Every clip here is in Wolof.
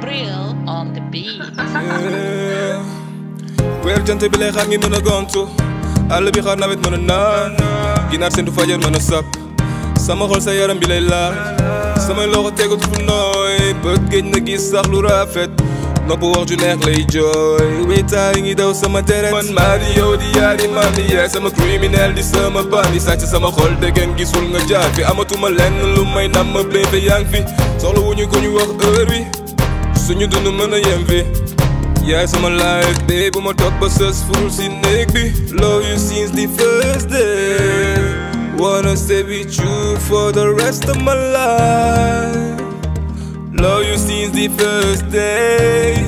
Brill on the beat. weer jant bi lay xaar ngi mën bi xaar nawet mën a naan ginaar seen du sap sama xol sa yaram bi lay laal samay loxo tegatu fu nooy bët géej na gis sax lu rafet nopp wax ju neex lay jooy wéetaay ngi daw sama deret man maa di yow man di sama criminel di sama bandi sàcc sama nga lu may nam fi wuñu ko ñu wax heure wi suñu dund mën a yem fi yaay sama life day bu ma toog ba sës ful si néeg bi love you since the first day wanna stay with you for the rest of my life love you since the first day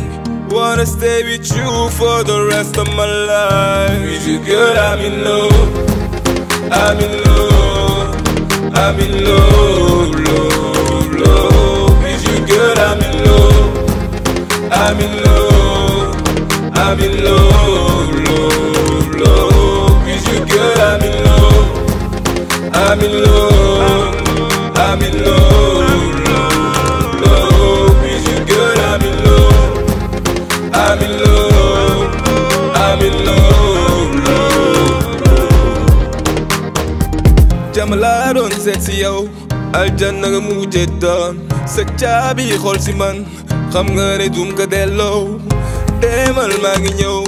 wanna stay with you for the rest of my life with you girl I'm in love I'm in love I'm in love, love I'm m e l o v u n l o I'm e i in u g r l I'm n l o e i i m in e l a l s e x j a n n a nga mujjé d sa caabi h o l si man. xam nga ne dum ko delloo demal maa ngi ñëw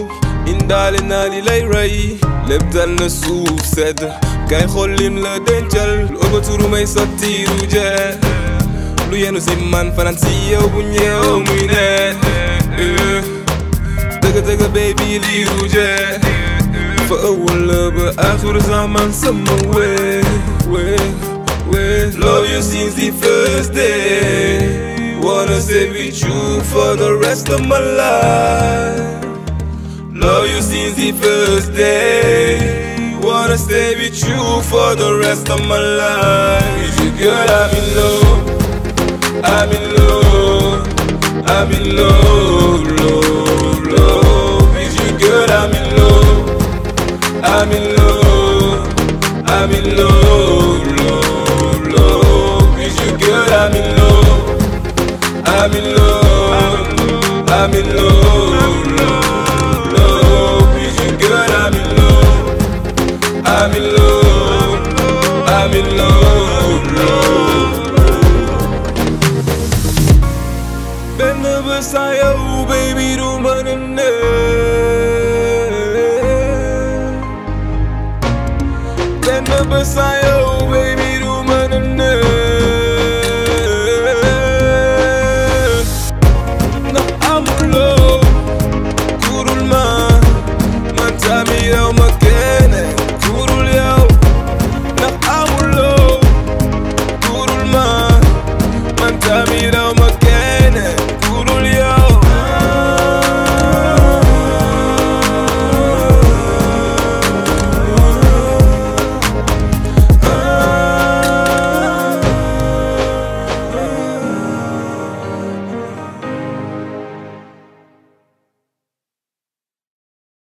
indaale naa li lay rey lépp dal na suuf sedd kay xool lim la dencal lu may sotti ru lu yenu si man fanaan si yow bu ñëw muy ne dëgg dëgg baby lii ru jeex fa ëwul la ba aaxiru zaman sama wee wee wee love you since the first day Stay with be true for the rest of my life. Love you since the first day. Wanna stay with you for the rest of my life. With you, girl, I'm in love. I'm in love. I'm in love, love, love. With you, girl, I'm in love. I'm in love. I'm in love. I'm in love, love, love with you, girl. I'm in love, I'm in love, I'm in love, love. Ben de besaya u baby dumanın ne? Ben de besaya u baby dumanın